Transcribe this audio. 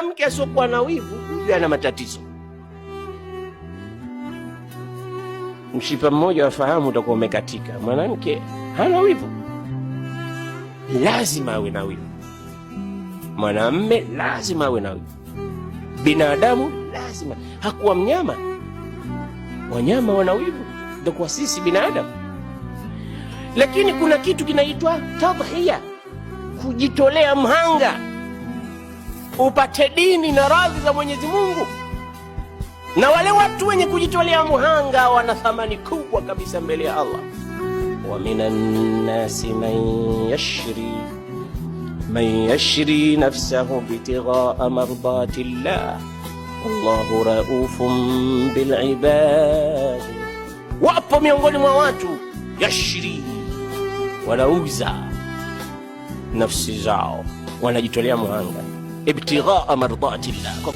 mwanamke asiokuwa na wivu huyu ana matatizo. Mshipa mmoja wafahamu utakuwa umekatika. Mwanamke hana wivu, lazima awe na wivu. Mwanamme lazima awe na wivu. Binadamu lazima, hakuwa mnyama. Wanyama wana wivu, ndio kwa sisi binadamu. Lakini kuna kitu kinaitwa tadhiya, kujitolea mhanga upate dini na radhi za Mwenyezi Mungu. Na wale watu wenye kujitolea muhanga wana thamani kubwa kabisa mbele ya Allah. wa minan nasi man yashri man yashri nafsahu btighaa mardati llah wallahu raufun bil ibad, wapo miongoni mwa watu yashri, wanauza nafsi zao, wanajitolea muhanga ابتغاء مرضات الله